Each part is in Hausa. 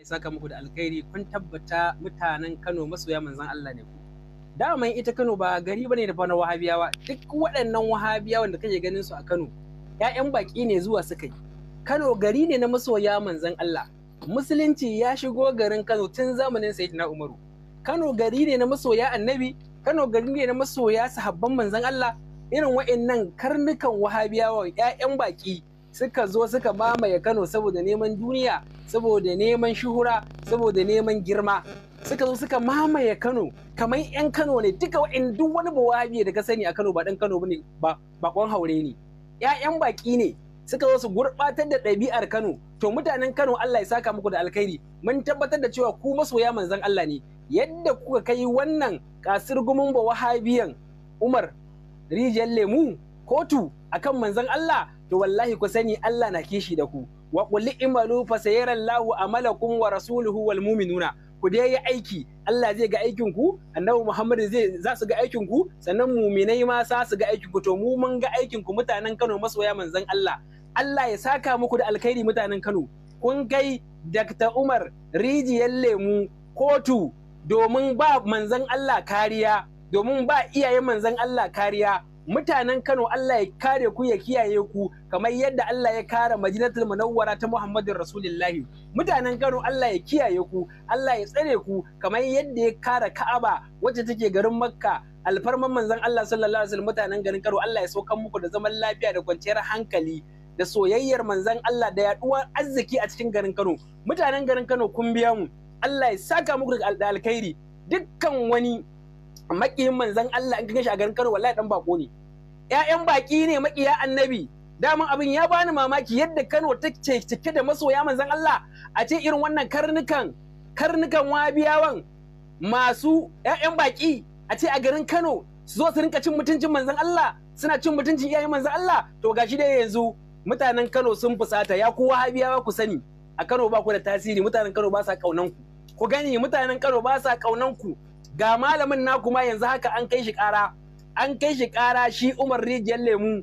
ya saka muku da alkhairi kun tabbata mutanen Kano masoya manzon Allah ne ku ita Kano ba gari bane da fana wahabiyawa duk waɗannan wahabiyawa da kake ganin su a Kano ƴaƴan baki ne zuwa suka yi Kano gari ne na masoya manzon Allah musulunci ya shigo garin Kano tun zamanin Sayyidina Umaru Kano gari ne na masoya annabi Kano gari ne na masoya sahabban manzon Allah irin wa'annan karnukan wahabiyawa ƴaƴan baki suka zo suka mamaye Kano saboda neman duniya saboda neman shuhura saboda neman girma suka zo suka mamaye Kano kamar 'yan Kano ne duka wa'in duk wani bawabi da ka sani a Kano ba dan Kano bane ba bakon haure ne 'ya'yan baki ne suka zo su gurbatar da ɗabi'ar Kano to mutanen Kano Allah ya saka muku da alkhairi mun tabbatar da cewa ku masoya manzon Allah ne yadda kuka kai wannan kasir gumin ba wahabiyan Umar rijiyar lemu kotu akan manzon Allah to wallahi ku sani Allah na kishi da ku wa qul imalu fa amalakum wa rasuluhu wal mu'minuna ku dai yi aiki Allah zai ga aikin ku annabi Muhammad zai za su ga aikin ku sannan muminai ma za su ga aikin ku to mu mun ga aikin ku mutanen Kano masoya manzon Allah Allah ya saka muku da alkhairi mutanen Kano kun kai Dr. Umar rijiyar lemu kotu domin ba manzon Allah kariya domin ba iyayen manzon Allah kariya mutanen Kano Allah ya kare ku ya kiyaye ku kamar yadda Allah ya kare Madinatul Munawwara ta Muhammadin Rasulullahi mutanen Kano Allah ya kiyaye ku Allah ya tsare ku kamar yadda ya kare Ka'aba wacce take garin Makka alfarman manzon Allah sallallahu alaihi wasallam mutanen garin Kano Allah ya saukan muku da zaman lafiya da kwanciyar hankali da soyayyar manzon Allah da yaduwar arziki a cikin garin Kano mutanen garin Kano kun biya mu Allah ya saka muku da alkhairi dukkan wani makiyin manzan Allah in ka shi a garin Kano wallahi dan bako ne ƴaƴan baki ne makiya annabi daman abin ya bani mamaki yadda Kano take cike da masoya manzan Allah a ce irin wannan karnukan karnukan wabiyawan masu ƴaƴan baki a ce a garin Kano su zo su rinka cin mutuncin manzan Allah suna cin mutuncin iyayen manzan Allah to gashi dai yanzu mutanen Kano sun fusata ya kowa Habiyawa ku sani a Kano ba ku da tasiri mutanen Kano ba sa kaunan ku gani mutanen Kano ba sa kaunan ku ga malamin na kuma yanzu haka an kai shi ƙara an kai shi ƙara shi Umar Rijiyar Lemu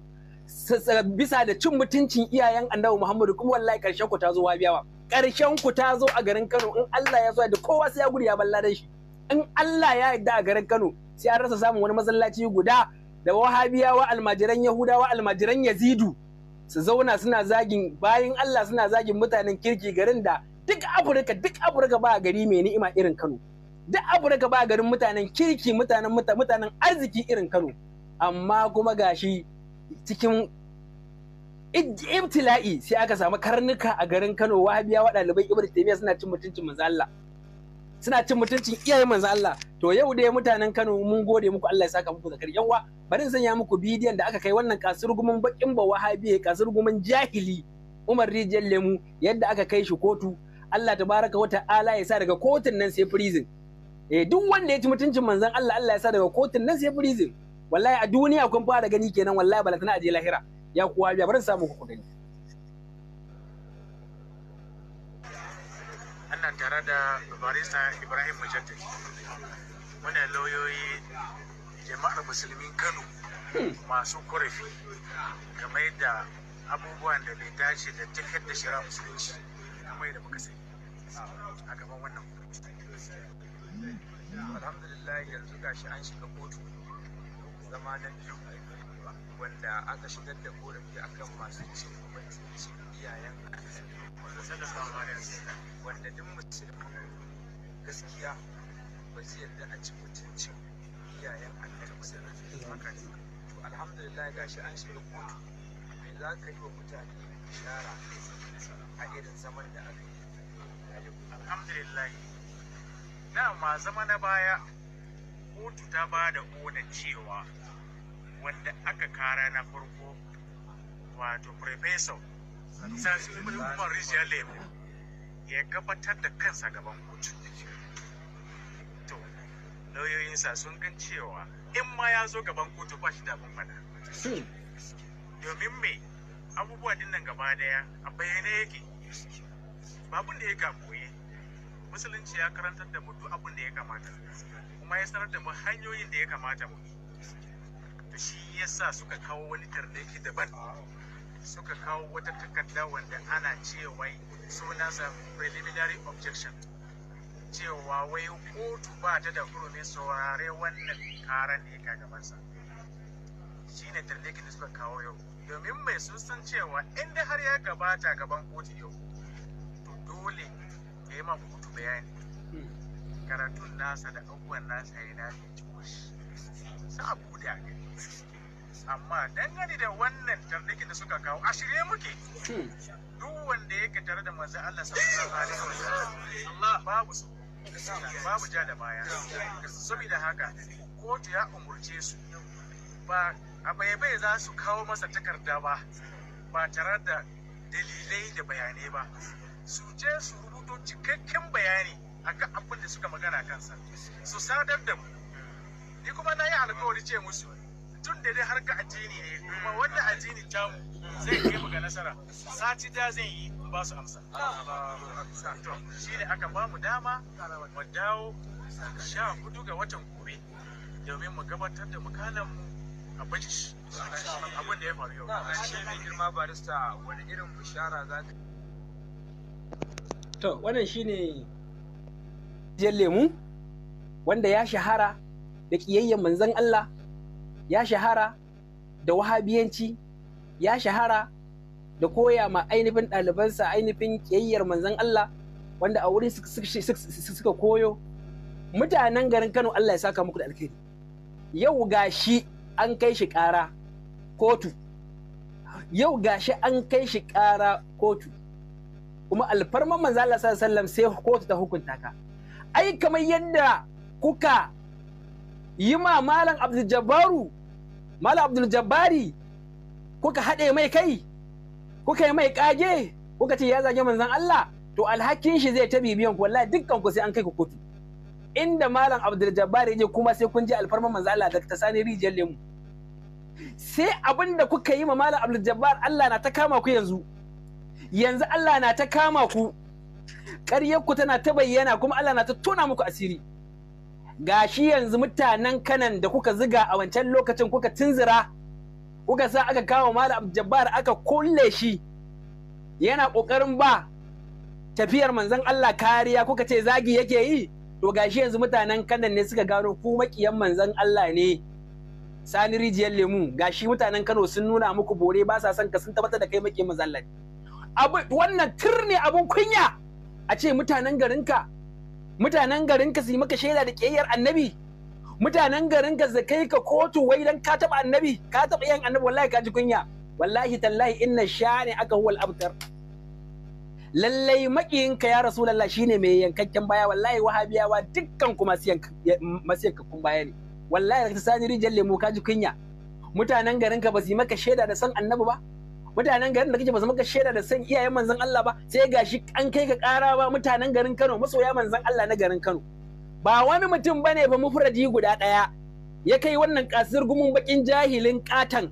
bisa da cin mutuncin iyayen Annabi Muhammadu kuma wallahi ƙarshen ku ta zo biyawa. ƙarshen ku ta zo a garin Kano in Allah ya da kowa sai ya gudu ya balla da shi in Allah ya yarda a garin Kano sai an rasa samun wani masallaci guda da wahabiyawa almajiran yahudawa almajiran yazidu su zauna suna zagin bayan Allah suna zagin mutanen kirki garin da duk Afirka duk Afirka ba gari mai ni'ima irin Kano duk abu da ka ba garin mutanen kirki mutanen mutanen arziki irin Kano amma kuma gashi cikin ibtila'i sai aka samu karnuka a garin Kano Wahabiya wa ɗalibai Ibn Taymiyyah suna cin mutuncin manzo Allah suna cin mutuncin iyaye manzo Allah to yau dai mutanen Kano mun gode muku Allah ya saka muku zakar yawa bari in sanya muku bidiyon da aka kai wannan kasurgumin bakin ba wahabiya kasurgumin jahili Umar Rijal Lemu yadda aka kai shi kotu Allah tabaraka wa ta'ala ya sa daga kotun nan sai prison eh duk wanda ya ci mutuncin manzon Allah Allah ya sa daga kotun nan sai prison wallahi a duniya kun fara gani kenan wallahi tana aje lahira ya kuwa biya bari samu ku gani Allah tare da barista Ibrahim Mujaddid wannan lauyoyi jama'ar musulmin Kano hmm. masu korafi game da abubuwan da bai dace da tafiyar da shari'a musulunci kamar yadda muka sani a gaban wannan alhamdulillah yanzu gashi an shiga kotu zama na biyu wanda aka shigar da korafi akan masu cin mutuncin iyayen wanda duk musulmi gaskiya ba zai yarda a ci mutuncin iyayen annabi to alhamdulillah gashi an shiga kotu me za ka yi wa mutane bishara a irin zaman da aka yi alhamdulillah dama zama na baya kotu ta ba da oda cewa wanda aka kara na farko wato professor sassi rijiyar lemu ya gabatar da kansa gaban kotu to lauyoyinsa sun gan cewa in ma ya zo gaban kotu ba shi da abin fada hmm. domin me abubuwa din nan gaba daya a bayyane yake babun da ya gaboye musulunci ya karantar da mu duk abin da ya kamata kuma ya sanar da mu hanyoyin da ya kamata mu to shi yasa suka kawo wani tarnaki daban suka kawo wata takarda wanda ana cewa sunansa preliminary objection cewa wai kotu ba ta da hurumin saurare wannan karan da ya shi ne tarnakin da suka kawo yau domin mai sun san cewa inda har ya gabata gaban kotu yau to dole ya ma hutu bayani karatun nasa da abubuwan nasa ya na shi sa abu da gani amma dangane da wannan tarnakin da suka kawo a shirye muke duk wanda yake tare da manzo Allah sallallahu alaihi wasallam Allah babu su babu ja da baya saboda haka kotu ya umurce su ba a bai za su kawo masa takarda ba ba tare da dalilai da bayanai ba su je su rubuta fito cikakken bayani a kan abin da suka magana kansa su sadar da mu ni kuma na yi alkawari ce musu tun da dai har ga addini ne kuma wanda addini ta mu zai kai mu ga nasara sati da zan yi ba su amsa to shi ne aka ba mu dama mu dawo sha hudu ga watan gobe domin mu gabatar da mukalan mu a British abin da ya faru yau. Shi ne girma barista wani irin bishara za ta to wannan ne jiyar lemu wanda ya shahara da ƙiyayyen manzan Allah ya shahara da wahabiyanci ya shahara da koya ma ainihin ɗalibansa ainihin ƙiyayyar manzan Allah wanda a wurin suka koyo mutanen garin Kano Allah ya saka muku da alkhairi yau ga shi an kai shi ƙara kotu yau ga shi an kai shi ƙara kotu kuma alfarman manzo Allah sallallahu sai kotu ta hukunta ka ai kamar yadda kuka yi ma malam Abdul Jabbaru malam Abdul Jabbari kuka haɗe mai kai kuka yi mai kage kuka ce ya zage manzon Allah to alhakin shi zai ta bibiyan ku wallahi dukkan ku sai an kai ku kotu inda malam Abdul Jabbari je kuma sai kun ji alfarman manzo Allah da ta sani rijiyar lemu sai abinda kuka yi ma malam Abdul Jabbar Allah na ta kama ku yanzu yanzu Allah na ta kama ku ku tana ta bayyana kuma Allah na ta tona muku asiri gashi yanzu mutanen kanan da kuka ziga a wancan lokacin kuka tunzira kuka sa aka kawo malam jabbar aka kulle shi yana ƙoƙarin ba tafiyar manzon Allah kariya kuka ce zagi yake yi to gashi yanzu mutanen kanan ne suka gano ku makiyan manzon Allah ne sani rijiyar lemu gashi mutanen Kano sun nuna muku bore ba sa son ka sun tabbatar da kai makiyan manzon Allah wannan tur ne abin kunya a ce mutanen garinka mutanen garinka su yi maka shaida da ƙiyayyar annabi mutanen garinka su kai ka kotu wai dan ka taɓa annabi ka taɓa yan annabi wallahi ka ji kunya wallahi tallahi inna shani aka huwal abtar lallai makiyinka ya shi shine mai yankakken baya wallahi wahabiyawa dukkan ku masu yankakkun baya ne wallahi da ta sani rijiyar lemu ka ji kunya mutanen garinka ba su yi maka shaida da san annabi ba mutanen garin da kake ba su maka shaida da san iyayen manzon Allah ba sai ga shi an kai ka ƙara ba mutanen garin Kano masoya manzon Allah na garin Kano ba wani mutum bane ba mufradi guda ɗaya ya kai wannan kasir gumin bakin jahilin katan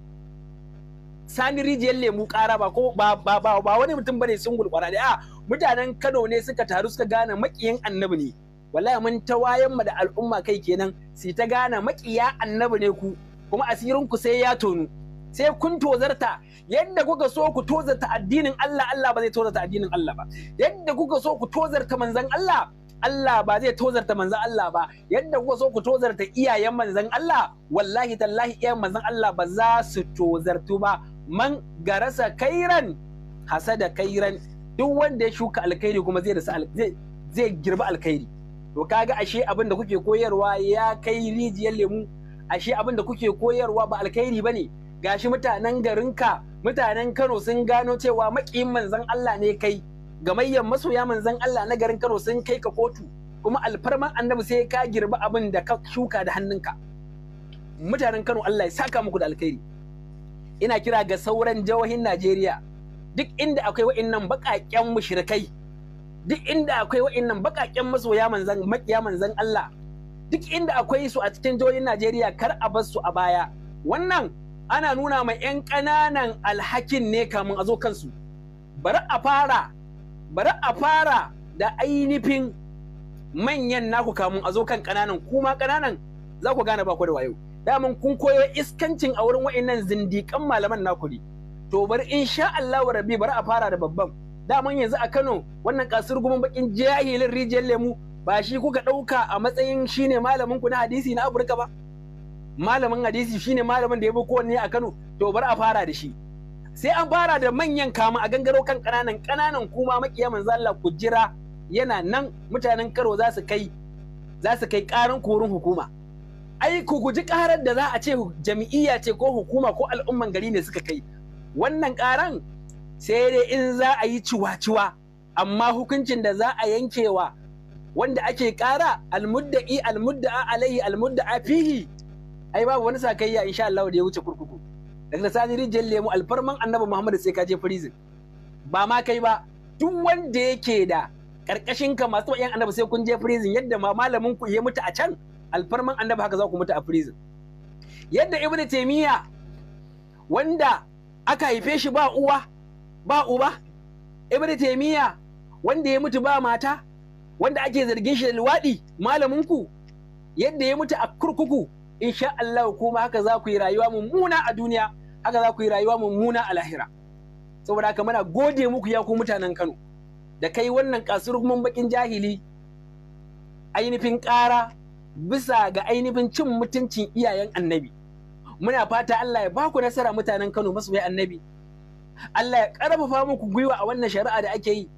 sani rijiyar lemu ƙara ba ko ba ba ba, wani mutum bane sun gurɓara da mutanen Kano ne suka taru suka gane makiyin annabi ne wallahi mun tawayen mu da al'umma kai kenan sai ta gane makiya annabi ne ku kuma asirin ku sai ya tonu sai kun tozarta yadda kuka so ku tozarta addinin Allah Allah ba zai tozarta addinin Allah ba yadda kuka so ku tozarta manzon Allah Allah ba zai tozarta manzon Allah ba yadda kuka so ku tozarta iyayen manzon Allah wallahi tallahi iyayen manzon Allah ba za su tozartu ba man garasa kairan hasada kairan duk wanda ya shuka alkhairi kuma zai rasa zai girba alkhairi to kaga ashe abin da kuke koyarwa ya kai rijiyar lemu ashe abin da kuke koyarwa ba alkhairi bane gashi mutanen garinka mutanen Kano sun gano cewa makiyin manzan Allah ne kai gamayyar masoya manzan Allah na garin Kano sun kai ka kotu kuma alfarman annabi sai ka girbi abin da ka shuka da hannunka mutanen Kano Allah ya saka muku da alkhairi ina kira ga sauran jihohin Najeriya duk inda akwai wa'annan baƙaƙen mushrikai duk inda akwai wa'annan baƙaƙen masoya manzan makiya manzan Allah duk inda akwai su a cikin jihohin Najeriya kar a bar su a baya wannan ana nuna ma 'yan ƙananan alhakin ne kamun a zo kansu bari a fara bari a fara da ainihin manyan naku kamun a zo kan ƙananan kuma ƙananan za ku gane da wayo daman kun koyo iskancin a wurin wa'annan zindiƙan malaman naku ne to bari insha Allah wa rabi bari a fara da babban daman yanzu a Kano wannan kasir gumin bakin jahilin rijiyar lemu ba shi kuka ɗauka a matsayin shine malamin ku na hadisi na Afirka ba malamin hadisi shine malamin da ya bi kowanne a Kano to bar a fara da shi sai an fara da manyan kama a gangaro kan kananan kananan kuma makiya manzo Allah ku jira yana nan mutanen Karo za su kai za su kai karin korin hukuma ai ku guji karar da za a ce jami'iyya ce ko hukuma ko al'umman gari ne suka kai wannan karan sai dai in za a yi ciwa-ciwa amma hukuncin da za a yankewa wanda ake kara almudda'i almudda'a alaihi almudda'a fihi ai babu wani sakayya insha Allah da ya wuce kurkuku daga sani rijiyar lemu alfarman annabi Muhammad sai ka je prison ba ma kai ba duk wanda yake da karkashin ka masu yan annabi sai kun je prison yadda ma malamin ku ya mutu a can alfarman annabi haka za ku mutu a prison yadda ibn taymiya wanda aka haife shi ba uwa ba uba ibn taymiya wanda ya mutu ba mata wanda ake zargin shi da luwaɗi malamin ku yadda ya mutu a kurkuku insha Allah kuma haka za ku yi rayuwa mummuna a duniya haka za ku yi rayuwa mummuna a lahira saboda haka muna gode muku ya ku mutanen Kano da kai wannan kuma bakin jahili ainihin ƙara bisa ga ainihin cin mutuncin iyayen annabi muna fata Allah ya baku nasara mutanen Kano masoya annabi Allah ya ƙarfafa muku gwiwa a wannan shari'a da ake yi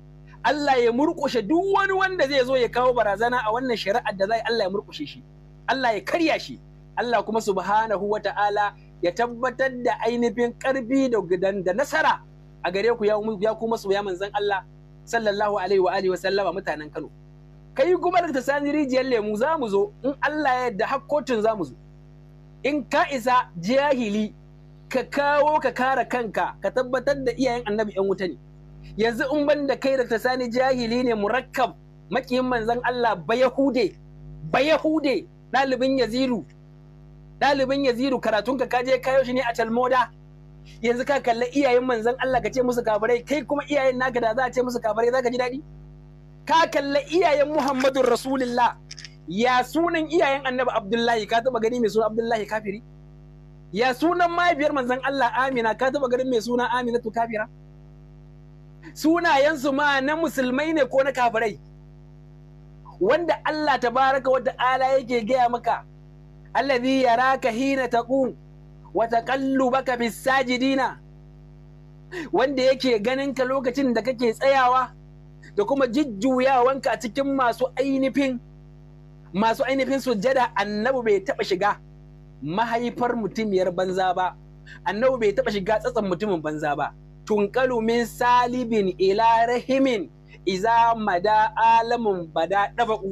Allah ya murƙushe duk wani wanda zai zo ya kawo barazana a wannan shari'ar da zai Allah ya murƙushe shi Allah ya karya shi Allah kuma subhanahu wa ta'ala ya tabbatar da ainihin karbi da nasara a gare ku ya kuma soya manzon Allah sallallahu alaihi wa alihi wa sallama mutanen Kano kai kuma da sani rijiyar lemu za mu zo in Allah ya yarda hakkocin za mu zo in ka isa jahili ka kawo ka kare kanka ka tabbatar da iyayen annabi yan wuta ne yanzu in ban da kai da sani jahili ne mu murakkab makiyin manzon Allah ba yahude ba yahude ɗalibin yaziru ɗalibin yaziru karatunka ka je kayo shi ne a talmoda yanzu ka kalla iyayen manzon Allah ka ce musu kafirai kai kuma iyayen naka da za a ce musu kafirai za ka ji daɗi ka kalla iyayen Muhammadun Rasulillah ya sunan iyayen Annabi Abdullahi ka taɓa gani mai sunan Abdullahi kafiri ya sunan mahaifiyar manzon Allah Amina ka taɓa gani mai suna Aminatu kafira sunayensu ma na musulmai ne ko na kafirai wanda Allah tabaraka wa ta'ala yake gaya maka alladhi yaraka hina taqum wa taqallubaka bis sajidina wanda yake ganin ka lokacin da kake tsayawa da kuma jujjuyawanka a cikin masu ainihin masu ainifin sujjada annabi bai taba shiga mahaifar mutumiyar banza ba annabi bai taba shiga tsatsan mutumin banza ba tunqalu min salibin ila rahimin iza mada alamun bada dabaku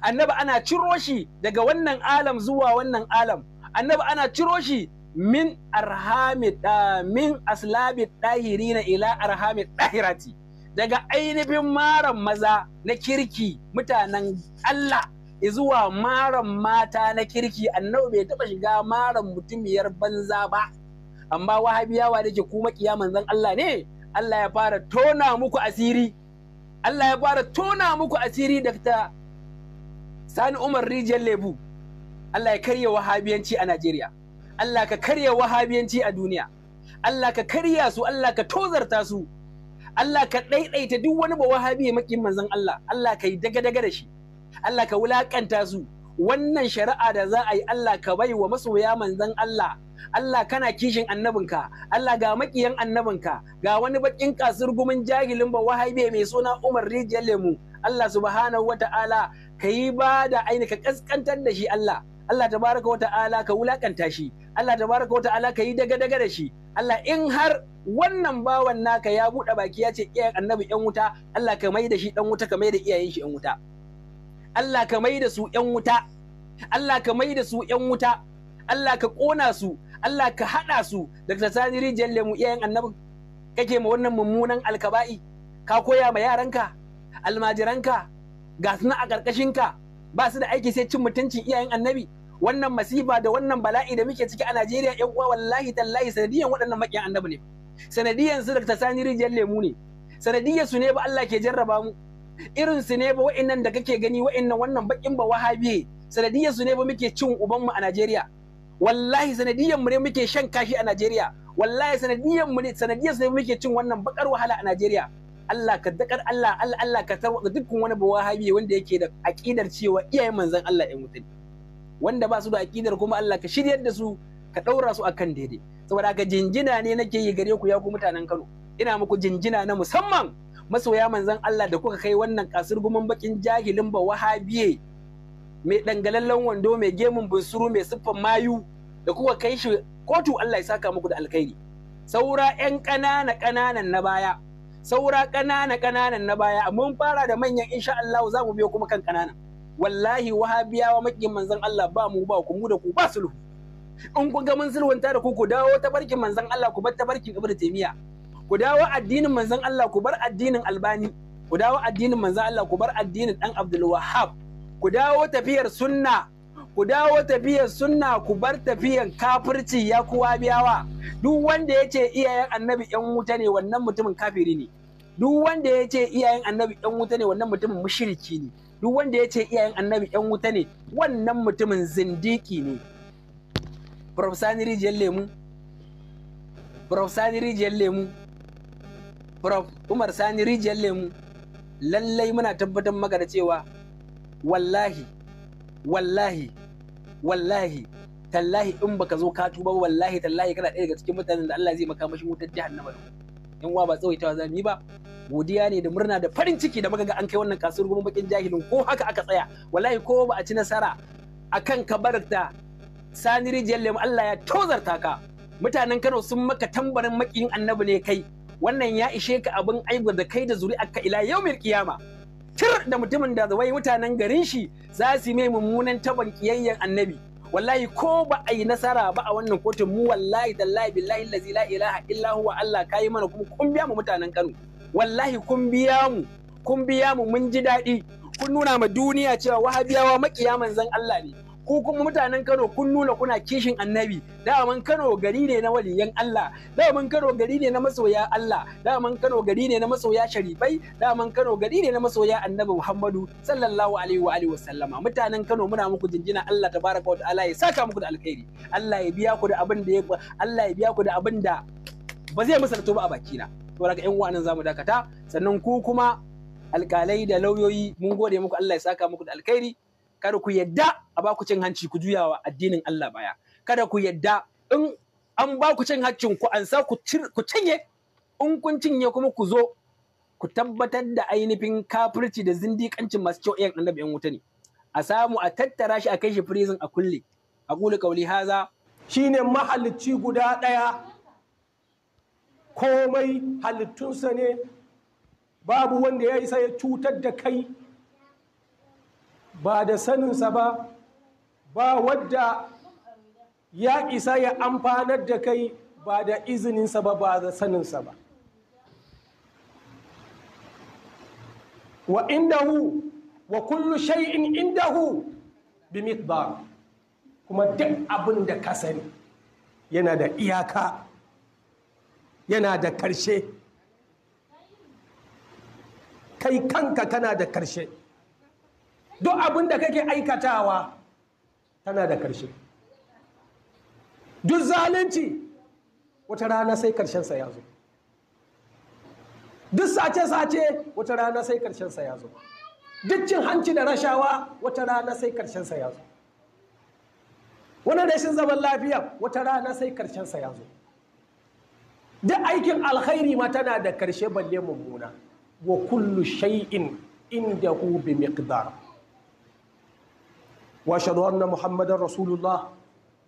annabi ana ciro shi daga wannan alam zuwa wannan alam annabi ana ciro shi min arhami ah, min aslabi dahirina ila arhami dahirati daga ainihin maran maza na kirki mutanen Allah zuwa maran mata na kirki annabi bai taɓa shiga maran mutumiyar banza ba amma wahabiyawa da ke kuma kiyaman zan Allah ne Allah ya fara tona muku asiri Allah ya fara tona muku asiri da sani umar rijiyar lebu Allah ya karya wahabiyanci a Najeriya Allah ka karya wahabiyanci a duniya Allah ka karya su Allah ka tozarta su Allah ka ɗaiɗaita duk wani ba wahabi ya makin manzon Allah Allah ka yi daga-daga da shi Allah ka wulaƙanta su wannan shari'a da za a yi Allah ka bai wa masoya manzon Allah Allah kana kishin annabinka Allah ga makiyan annabinka ga wani baƙin kasur gumin jahilin ba wahabi mai suna Umar rijiyar lemu Allah subhanahu wata'ala ka yi ba da aini ka kaskantar da shi Allah Allah tabaraka wa ta'ala ka wulakanta shi Allah tabaraka wa ta'ala ka yi daga daga da shi Allah in har wannan bawan naka ya buɗe baki ya ce iyayen annabi yan wuta Allah ka mai da shi dan wuta ka mai da iyayen shi yan wuta Allah ka mai da su yan wuta Allah ka mai da su yan wuta Allah ka kona su Allah ka haɗa su daga sani rijiyar lemu iyayen annabi kake ma wannan mummunan alkaba'i ka koya ma yaranka almajiranka ga suna a ƙarƙashin ka ba su da aiki sai cin mutuncin iyayen annabi wannan masifa da wannan bala'i da muke ciki a Najeriya ƴan uwa wallahi tallahi sanadiyan waɗannan maƙiyan annabi ne sanadiyan su da sani rijiyar lemu ne sanadiyan su ne ba Allah ke jarraba mu irin su ne ba wa'annan da kake gani wa'annan wannan bakin ba wahabi sanadiyan su ne ba muke cin ubanmu a Najeriya wallahi sanadiyan mu ne muke shan kashi a Najeriya wallahi sanadiyan mu ne sanadiyan su ne muke cin wannan bakar wahala a Najeriya Allah ka dakar Allah Allah Allah ka tarwa dukkan wani bawahabi wanda yake da aqidar cewa iyayen manzon Allah ya wuta wanda ba su da aqidar kuma Allah ka shiryar da su ka ɗaura su akan daidai saboda haka jinjina ne nake yi gare ku ya ku mutanen Kano ina muku jinjina na musamman masoya manzon Allah da kuka kai wannan guman bakin jahilin bawahabiye mai dangalallan wando mai gemun bunsuru mai siffan mayu da kuka kai shi kotu Allah ya saka muku da alkhairi saura 'yan ƙanana ƙananan na baya saura ƙanana ƙananan na baya mun fara da manyan insha Allah za mu biyo kuma kan ƙananan wallahi wahabiyawa makin manzon Allah ba mu ba ku mu da ku ba sulhu in kun ga mun sulhunta da ku ku dawo ta barkin manzon Allah ku bar ta barkin ibnu Taymiya ku dawo addinin manzon Allah ku bar addinin Albani ku dawo addinin manzon Allah ku bar addinin Dan Abdul Wahhab ku dawo tafiyar sunna ku dawo tafiyar sunna ku bar tafiyar kafirci ya kuwa biyawa duk wanda ya ce iyayen annabi yan wuta ne wannan mutumin kafiri ne duk wanda ya ce iyayen annabi yan wuta ne wannan mutumin mushriki ne duk wanda ya ce iyayen annabi yan wuta ne wannan mutumin zindiki ne Profesani rijiyar lemu rijiyar lemu Prof Umar Sani rijiyar lemu lallai muna tabbatar maka da cewa wallahi wallahi wallahi tallahi in baka zo ka tuba wallahi tallahi kana ɗaya daga cikin mutanen da Allah zai maka mashi wutar jahannama in wa ba tsawaitawa mu yi ba godiya ne da murna da farin ciki da muka ga an kai wannan kasuwar gumin bakin jahilin ko haka aka tsaya wallahi ko ba a ci nasara akan kabarta sani rijiyar lemu Allah ya tozarta ka mutanen Kano sun maka tambarin makiyin annabi ne kai wannan ya ishe ka abin aibu da kai da ka ila yaumil kiyama tir da mutumin da wai mutanen garin shi za su yi mai mummunan taban kiyayyen annabi wallahi ko ba a yi nasara ba a wannan kotun mu wallahi tallahi billahi allazi la ilaha illa huwa Allah kai mana kuma kun biya mu mutanen Kano wallahi kun biya mu kun biya mu mun ji daɗi kun nuna ma duniya cewa wahabiyawa makiya manzon Allah ne ku kuma mutanen Kano kun nuna kuna kishin annabi daman Kano gari ne na waliyan Allah daman Kano gari ne na masoya Allah daman Kano gari ne na masoya sharifai daman Kano gari ne na masoya annabi Muhammadu sallallahu alaihi wa alihi wasallama mutanen Kano muna muku jinjina Allah tabaraka wa ta'ala ya saka muku da alkhairi Allah ya biya ku da abin da ya Allah ya biya ku da abin da ba zai misalto ba a baki na? to daga ƴan uwa nan zamu dakata sannan ku kuma alkalai da lauyoyi mun gode muku Allah ya saka muku da alkhairi kada ku yadda a ba ku cin hanci ku juyawa addinin Allah baya kada ku yadda in an ba ku cin hancin ku an sa ku cinye in kun cinye kuma ku zo ku tabbatar da ainihin kafirci da zindikancin masu kyau iyan annabi yan wuta ne a samu a tattara shi a kai shi prison a kulle a kula kauli haza shine mahalicci guda ɗaya komai halittunsa ne babu wanda ya isa ya cutar da kai ba da saninsa ba ba wadda ya isa ya amfanar da kai ba da izininsa ba ba da saninsa ba wa indahu wa kullu shay'in indahu bi miqdar kuma duk abin da ka sani yana da iyaka yana da karshe kai kanka kana da karshe duk abin da kake aikatawa tana da ƙarshe duk zalunci wata rana sai ƙarshensa ya zo duk sace-sace wata rana sai ƙarshensa ya zo duk cin hanci da rashawa wata rana sai ƙarshensa ya zo wani rashin zaman lafiya wata rana sai ƙarshensa ya zo duk aikin alkhairi ma tana da ƙarshe balle mummuna wa kullu shay'in hu bi miqdar wa shaɗu anna muhammadan rasulullah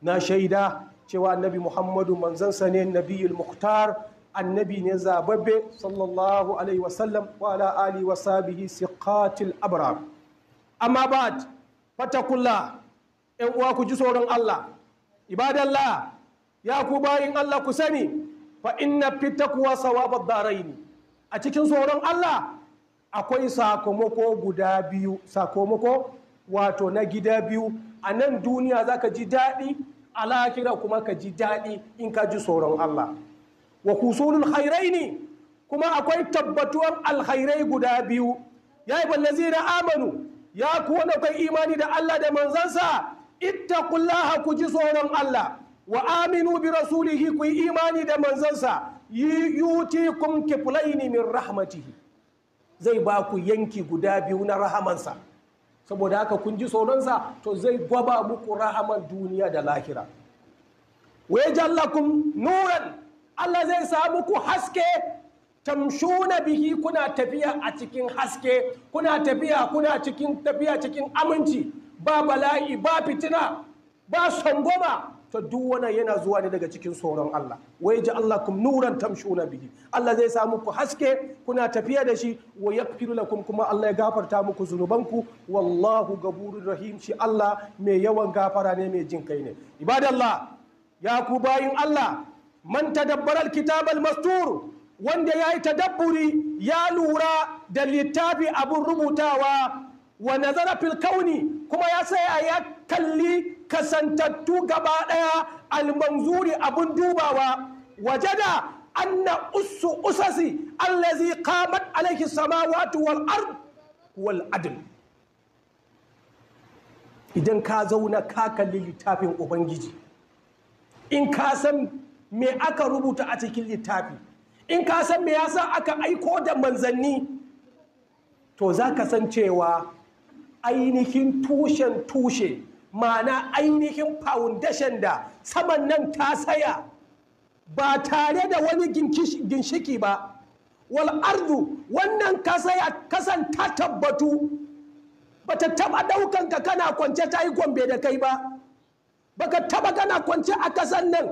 na shaida cewa annabi muhammadu manzansa ne nabiyul Muktar. annabi ne zababbe sallallahu alaihi wasallam wa ala ali wa sabihi siqatil abrar amma ba'd fatakulla, ƴan uwa ku ji tsoron Allah ibadallah ya ku bayin Allah ku sani fa inna fitakuwa sawabad daraini a cikin tsoron Allah akwai sakamako guda biyu sakamako wato na gida biyu a nan duniya za ka ji daɗi a lahira kuma ka ji daɗi in ka ji tsoron Allah wa husulul khairai ne kuma akwai tabbatuwar alkhairai guda biyu ya yi ballazi na amanu ya kuwa da kai imani da Allah da manzansa Ita ittaqullaha ku ji tsoron Allah wa aminu bi rasulihi ku yi imani da manzansa Yi yuti yutikum kiflaini min rahmatihi zai ba ku yanki guda biyu na rahamansa saboda haka kun ji tsoronsa to zai gwaba muku rahaman duniya da lahira Wai Jallakun, nuran Allah zai sa muku haske tamshuna bihi kuna tafiya a cikin haske kuna tafiya kuna cikin tafiya cikin aminci ba bala'i ba fitina ba sangoma to duk wannan yana zuwa ne daga cikin tsoron Allah wai ji Allah kum nuran tamshuna bihi Allah zai sa muku haske kuna tafiya da shi wa yaghfiru lakum kuma Allah ya gafarta muku ku. wallahu gaburur rahim shi Allah mai yawan gafara ne mai jin kai ne ibadallah ya ku bayin Allah man tadabbara alkitab Mastur. wanda yayi tadabburi ya lura da littafi abun rubutawa wa nazara fil kauni kuma ya sai ayat kalli kasantattu gaba ɗaya almanzuri abin dubawa waje da anna usu usasi allazi qamat alaihi samawati wal ard wal adl idan ka zauna ka kalli littafin ubangiji in ka san me aka rubuta a cikin littafi in ka san me yasa aka aiko da manzanni to za ka san cewa ainihin tushen tushe ma'ana ainihin foundation da saman nan ta saya ba tare da wani ginshiki ba wal ardu wannan kasan ta tabbatu ba ta taba daukan ka kana kwance ta yi gombe da kai ba ba ka taba kana kwance a kasan nan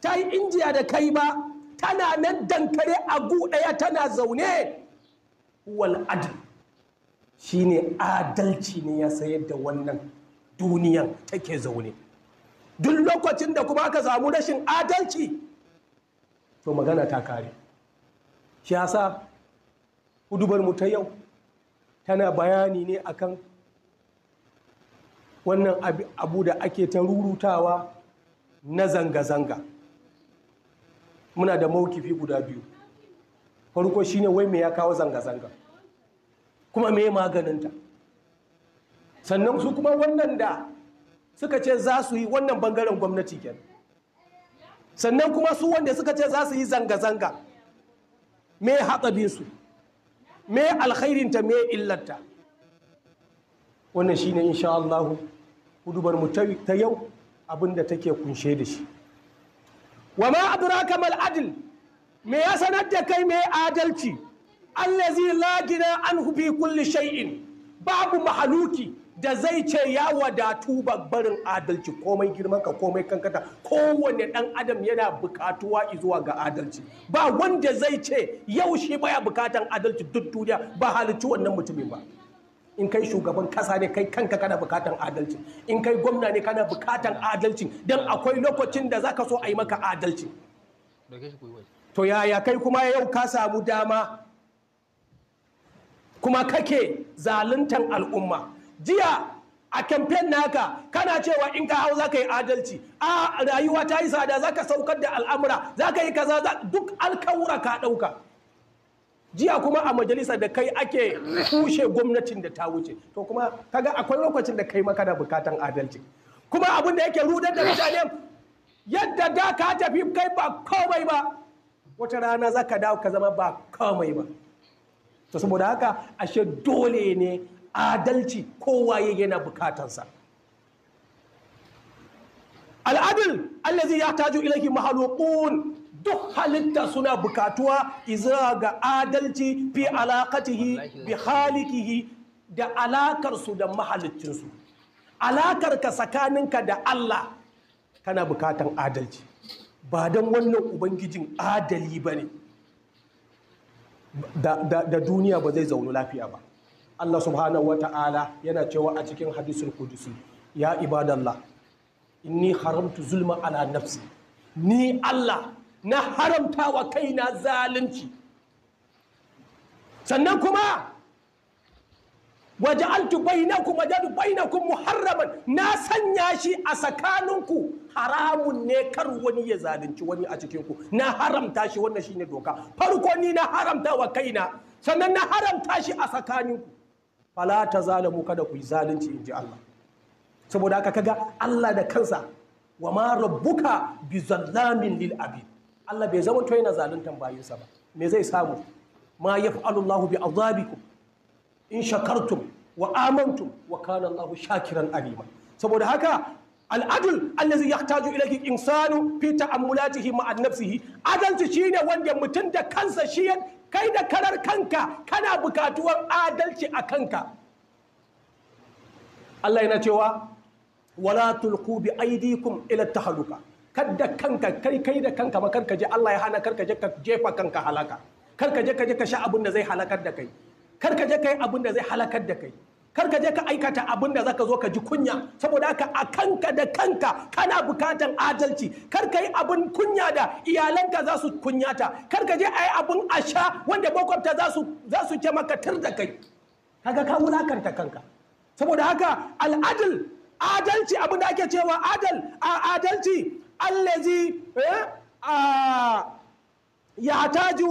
ta yi injiya da kai ba tana nan dankare a gu ɗaya tana zaune wal adl shine adalci ne ya sayar da wannan duniyan take zaune duk lokacin da kuma aka samu rashin adalci to magana ta kare shi yasa hudubar mu ta yau tana bayani ne akan wannan abu da ake ta rurutawa na zanga-zanga muna da maukifi guda biyu farko shine wai me ya kawo zanga-zanga kuma me maganinta sannan su kuma wannan da suka ce za su yi wannan bangaren gwamnati ke. sannan kuma su wanda suka ce za su yi zanga-zanga me su me alkhairinta me illarta wannan shine insha Allah hudubar mu ta yau abinda take kunshe da shi wa ma adraka mal adl me ya sanar da kai mai adalci allazi la gina anhu bi kulli shay'in babu mahaluki da zai ce ya wadatu babbarin adalci komai girman ka komai kankata kowane dan adam yana bukatuwa zuwa ga adalci ba wanda zai ce yau shi baya bukatan adalci duk duniya ba halittu wannan mutumin ba in kai shugaban kasa ne kai kanka kana bukatan adalci in kai gwamna ne kana bukatan adalci don akwai lokacin da zaka so a yi maka adalci to yaya kai kuma yau ka samu dama kuma kake zaluntan al'umma jiya a kamfen naka kana cewa in ka hau za ka yi adalci a rayuwa ta yi sada za ka saukar da al'amura za ka yi kaza duk alkawura ka ɗauka jiya kuma a majalisa da kai ake kushe gwamnatin da ta wuce to kuma kaga akwai lokacin da kai maka da bukatan adalci kuma abin da yake rudar da mutane yadda da ka tafi kai ba komai ba wata rana za ka dawo ka zama ba komai ba to saboda haka ashe dole ne adalci kowa ya yana bukatansa al'adil allazi ya taju ilahi mahalukun duk halitta suna bukatuwa izira ga adalci fi alaƙatihi bi halikihi da alakarsu da mahalicinsu alakarka tsakaninka da Allah kana bukatan adalci ba don wannan ubangijin adali ba ne da duniya ba zai zaunu lafiya ba Allah subhanahu wata'ala yana cewa a cikin hadisul kudusi ya ibadallah inni haramtu zulma ala nafsi ni Allah na haramta wa kaina zalunci sannan kuma waja'altu bainakum waja'altu bainakum muharraman na sanya shi a tsakaninku haramun ne kar wani ya zalunci wani a cikinku na haramta shi wannan shine doka farko ni na haramta wa kaina sannan na haramta shi a tsakaninku fala ta zalamu kada ku yi zalunci in ji Allah saboda haka kaga Allah da kansa wa ma rabbuka bi zallamin lil abid Allah bai zama to yana zaluntan bayinsa ba me zai samu ma yaf'alu Allah bi azabikum in shakartum wa amantum wa kana Allah shakiran alima saboda haka al'adul allazi yahtaju ilayhi insanu fi ta'ammulatihi ma'a nafsihi adalci shine wanda mutum da kansa shi kai da karar kanka kana bukatuwar adalci a kanka Allah yana cewa wala tulqu bi aydikum ila tahaluka kadda kanka kai kai da kanka ma ka je Allah ya hana karka je ka jefa kanka halaka karka je ka je ka sha abin da zai halakar da kai karka je kai abin da zai halakar da kai kar ka je ka aikata abin da zaka zo ka ji kunya saboda haka a kanka da kanka kana bukatan adalci kar ka yi abin kunya da iyalanka za su kunyata kar ka je a yi abin asha wanda makwabta za su ce maka tir da kai kaga ka wulakanta kanka saboda haka al'adil adalci abin da ake cewa adal a adalci allazi eh, ya taju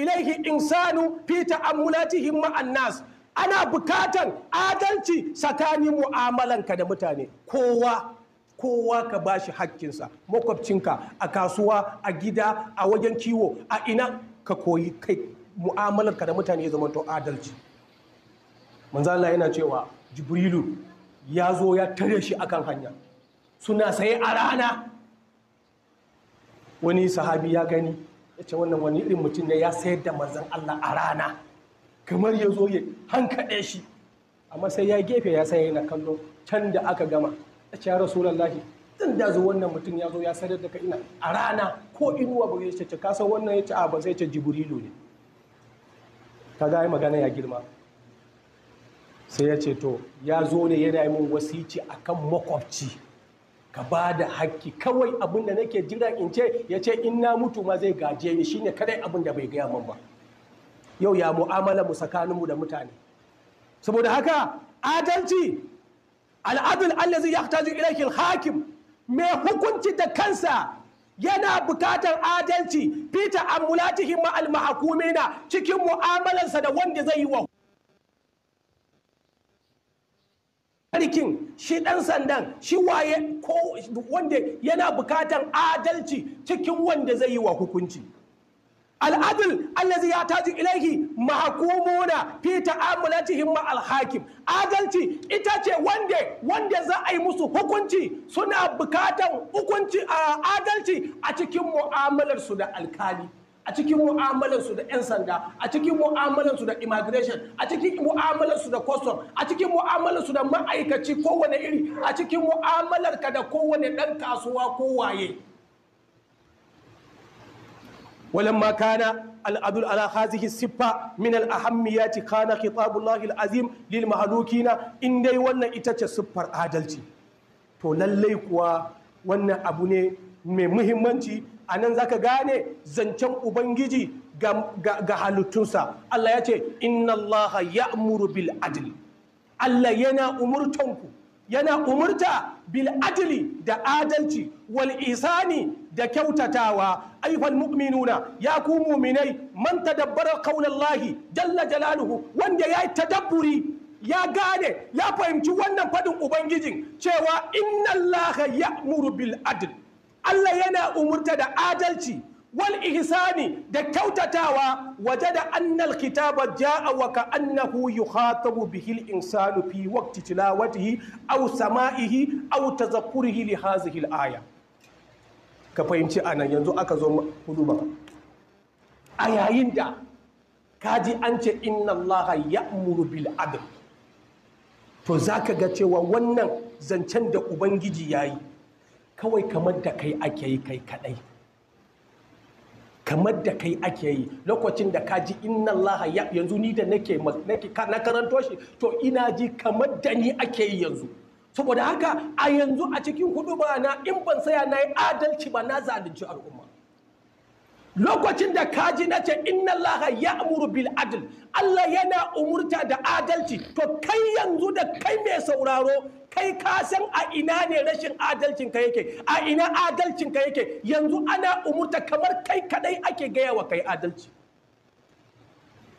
ilaihi insanu fi ta'ammulatihi ma'an nas ana bukatan adalci tsakanin mu'amalanka da mutane kowa kowa ka shi hakkinsa makwabcinka a kasuwa a gida a wajen kiwo a ina ka koyi kai mu'amalarka da mutane ya zama to adalci manzala yana cewa jibrilu ya zo ya tare shi akan hanya suna saye a rana wani sahabi ya gani ya ce wannan wani irin mutum ne ya sayar da manzan Allah a rana kamar ya zo ya hankaɗe shi amma sai ya gefe ya sai yana kallo can da aka gama a ce ya rasulallahi ɗin da zo wannan mutum ya zo ya sadar da ka ina a rana ko inuwa ba ya ce kasa wannan ya ce a ba zai ce jibrilu ne ka ga magana ya girma sai ya ce to ya zo ne yana yi min a kan makwabci ka ba da hakki kawai abin da nake jira in ce ya ce in na mutu ma zai gaje ni shine kadai abin da bai gaya min ba yau ya mu'amala mu tsakaninmu da mutane saboda haka adalci al'adul allazi yahtaju ilayhi al-hakim mai hukunci da kansa yana bukatar adalci fita fi cikin ma'al mahkumina cikin mu'amalansa da wanda zai yi wa sarkin shi ɗan sandan shi waye ko wanda yana bukatar adalci cikin wanda zai yi wa hukunci al'adul allazi ya taji ilaihi mahakumuna fi ta'amulatihim ma alhakim adalci ita ce wanda wanda za a yi musu hukunci suna bukatan hukunci a adalci a cikin mu'amalar su da alkali a cikin mu'amalar su da 'yan sanda a cikin mu'amalar su da immigration a cikin mu'amalar su da custom a cikin mu'amalar su da ma'aikaci kowane iri a cikin mu'amalar ka da kowane ɗan kasuwa ko waye. ولما كان الأدل على هذه الصفة من الأهميات كان خطاب الله العظيم in dai wannan ita ce صفر adalci. to lallai kuwa wannan abu ne mai muhimmanci a nan zaka gane zancen ubangiji ga, halittunsa Allah yace, ce inna allaha ya'muru bil adli Allah yana umurtanku yana umurta bil adli da adalci wal isani da kyautatawa ayyuhal mu'minuna ya ku mu'minai man tadabbara qaulallahi jalla jalaluhu wanda ya ta tadabburi ya gane ya fahimci wannan fadin ubangijin cewa Allah ya'muru bil adl Allah yana umurta da adalci wal ihsani da kyautatawa waje da annal kitaba ja'a wa ka annahu yukhatabu bihi al insanu fi waqti tilawatihi aw sama'ihi aw tazakkurihi li hadhihi al aya ka fahimci a nan yanzu aka zo hudu ba a yayin da kaji an ce inna ya ya'muru bil adl to za ka ga cewa wannan zancen da ubangiji ya yi, kawai kamar da kai ake yi kai kadai kamar da kai ake yi lokacin da kaji inna allaha yanzu ni da nake na karanto shi to ina ji kamar da ni ake yi yanzu saboda haka a yanzu a cikin hudu ba na in ban saya na yi adalci ba na zalunci al'umma lokacin da kaji na ce inna Allah ya amuru bil adl Allah yana umurta da adalci to kai yanzu da kai mai sauraro kai ka san a ina ne rashin adalcin ka yake a ina adalcin ka yake yanzu ana umurta kamar kai kadai ake gaya wa kai adalci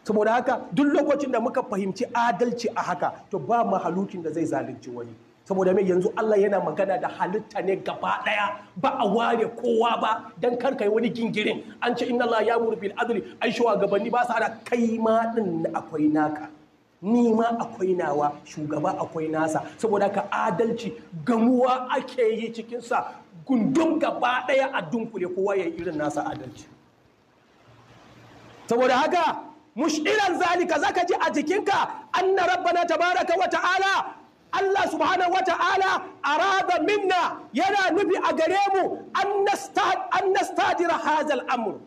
saboda haka duk lokacin da muka fahimci adalci a haka to ba mahalukin da zai zalunci wani saboda mai yanzu Allah yana magana da halitta ne gaba daya ba a ware kowa ba dan kar kai wani gingirin an ce inna Allah ya murbil adli ai gabanni ba sa da kai ma din akwai naka ni ma akwai nawa shugaba akwai nasa saboda ka adalci gamuwa ake yi cikin sa gundun gaba daya a dunkule kowa ya irin nasa adalci saboda haka mushiran zalika zaka ji a jikinka an anna na tabaraka wa ta'ala Allah subhanahu wa ta'ala arada minna yana nufi a gare mu an nastajira hazal amur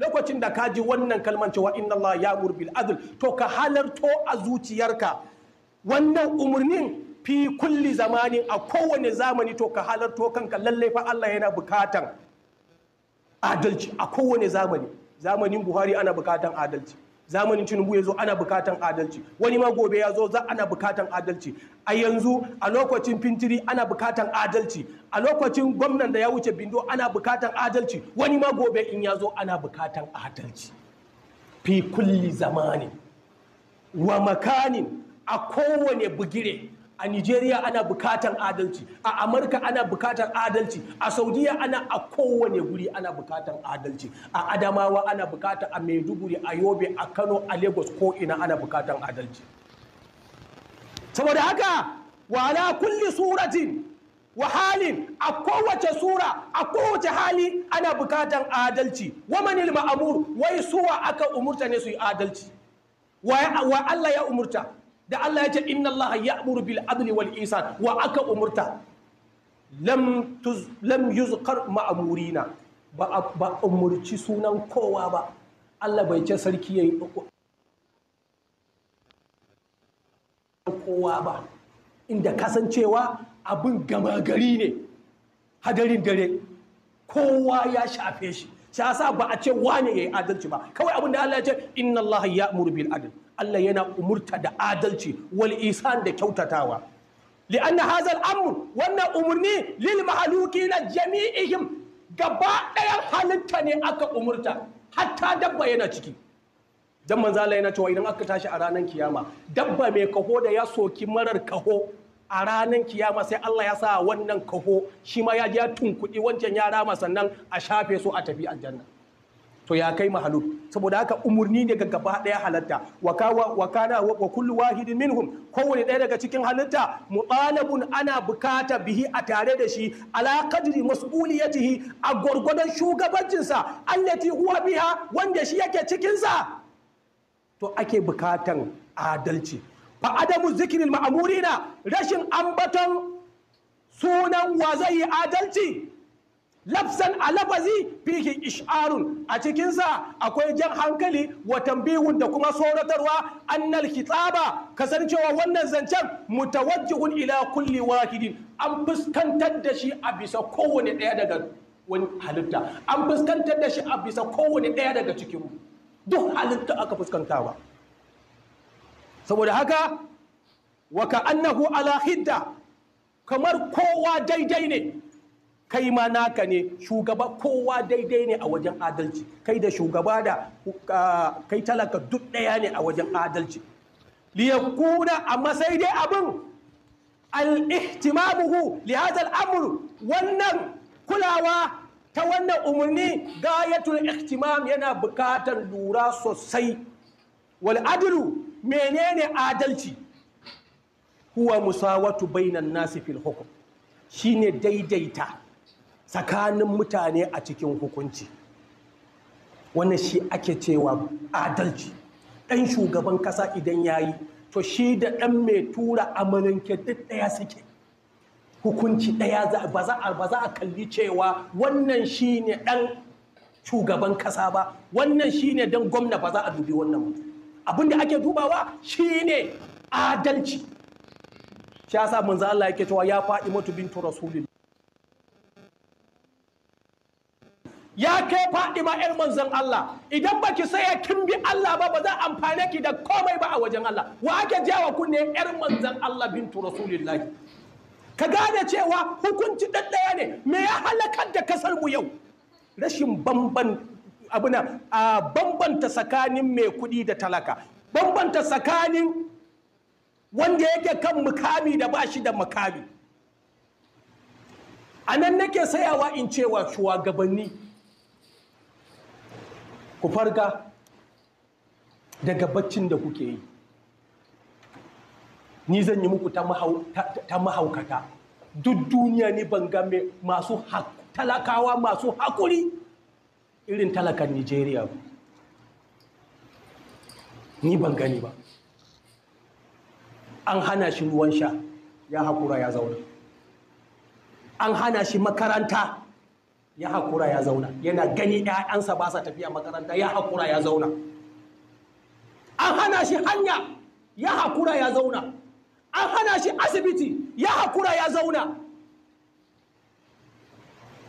lokacin da kaji wannan kalman cewa inna Allah ya bil adl to ka halarto a zuciyarka wannan umarnin fi kulli zamanin a kowane zamani to ka halarto kanka lallai fa Allah yana bukatan adalci a kowane zamani zamanin Buhari ana bukatan adalci zamanin tinubu ya zo ana bukatan adalci wani ma gobe ya zo za ana bukatan adalci a yanzu a lokacin fintiri ana bukatan adalci a lokacin gwamnan da ya wuce bindo ana bukatan adalci wani ma gobe in ya zo ana bukatan adalci fi kulli zamanin wa makanin a kowane bugire a nigeria ana bukatan adalci a amurka ana bukatar adalci a saudiya ana a kowane guri ana bukatar adalci a adamawa ana bukata a maiduguri a yobe a kano a lagos ko ina ana bukatan adalci saboda haka wala kulli suratin wa halin a kowace sura a kowace hali ana bukatar adalci wamanil ma'amur wai suwa aka umurta ne su yi adalci wa Allah ya umurta da Allah ya ce inna Allah ya'muru bil adli wal ihsan wa aka umurta lam tuz lam yuzkar ma'murina ba ba umurci sunan kowa ba Allah bai ce sarki yayi kowa ba inda kasancewa abin gama gari ne hadarin dare kowa ya shafe shi shi yasa ba a ce wane yayi adalci ba kawai abin da Allah ya ce inna Allah ya'muru bil adli Allah yana umurta da adalci wal isan da kyautatawa li'anna hazal amr wannan umurni lil mahaluki na jami'ihim gaba ɗayan halitta ne aka umurta hatta dabba yana ciki dan manzo Allah yana cewa idan aka tashi a ranar kiyama dabba mai kaho da ya soki marar kaho a ranar kiyama sai Allah ya sa wannan kaho shi ma ya ji ya tunkuɗi wancan yara masannan sannan a shafe su a tafi aljanna to ya kai mahalul saboda haka umurni ne ga gaba daya halatta wa kawa wa kana wa kullu wahidin minhum kowane ɗaya daga cikin halitta mutalabun ana bukata bihi a tare da shi ala qadri mas'uliyatihi a gurgurdan shugabancin sa allati huwa biha wanda shi yake cikin sa to ake bukatan adalci fa adamu zikril ma'murina rashin ambaton sunan wa zai adalci lafsan a lafazi fiki ish'arun a cikinsa akwai jan hankali wa tambihun da kuma tsoratarwa annal kitaba kasancewa wannan zancen mutawajjihun ila kulli wahidin an fuskantar da shi a bisa kowane ɗaya daga wani halitta an fuskantar da shi a bisa kowane ɗaya daga cikinmu duk halitta aka fuskantawa saboda haka wa ka annahu ala hidda kamar kowa daidai ne kai ma naka ne shugaba kowa daidai ne a wajen adalci kai da shugaba da kai talaka duk ɗaya ne a wajen adalci liyakuna amma sai dai abin al-ihtimamuhu li wannan kulawa ta wannan umarni gayatul ihtimam yana bukatar lura sosai wal adlu menene adalci huwa musawatu bainan nasi fil hukm shine daidaita tsakanin mutane a cikin hukunci wannan shi ake cewa adalci ɗan shugaban ƙasa idan ya yi to shi da ɗan mai tura amalanke duk ɗaya suke hukunci ɗaya ba za a kalli cewa wannan shi ne ɗan shugaban ƙasa ba wannan shi ne don gwamna ba za a dubi wannan abin da ake dubawa shi ne adalci shi ya sa manzo Allah yake cewa ya faɗi mutu bintu rasulullah ya kai ma ‘yar manzan Allah idan baki saya kin bi Allah ba ba za amfane ki da komai ba a wajen Allah wa ake jawa kunne ‘yar manzon Allah bintu Rasulillahi ka gane cewa hukunci ɗanɗaya ne me ya halakar da kasar mu yau rashin bamban abuna a bambanta tsakanin mai kuɗi da talaka bambanta tsakanin wanda yake kan mukami da ba shi da mukami a nan nake sayawa in cewa shugabanni ku farga daga baccin da kuke yi ni zan yi muku ta mahaukata duk duniya ni ban ga masu talakawa masu haƙuri irin talakan nigeria ni ban gani ba an hana shi ruwan sha ya haƙura ya zauna an hana shi makaranta ya haƙura ya zauna yana gani ‘ya'yansa ba sa tafiya makaranta ya haƙura ya zauna an hana shi hanya ya haƙura ya zauna an hana shi asibiti ya haƙura ya zauna